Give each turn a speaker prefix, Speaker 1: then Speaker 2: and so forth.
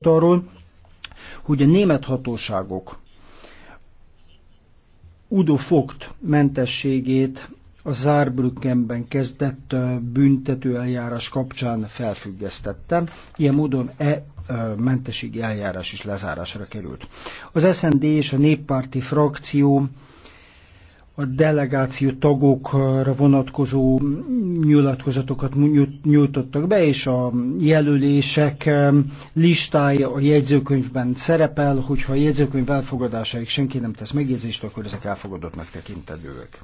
Speaker 1: arról, hogy a német hatóságok Udo Fogt mentességét a Zárbrückenben kezdett büntető eljárás kapcsán felfüggesztette. Ilyen módon e mentességi eljárás is lezárásra került. Az SND és a néppárti frakció a delegáció tagokra vonatkozó nyilatkozatokat nyújtottak be, és a jelölések listája a jegyzőkönyvben szerepel, hogyha a jegyzőkönyv elfogadásáig senki nem tesz megjegyzést, akkor ezek
Speaker 2: elfogadottnak tekintendőek.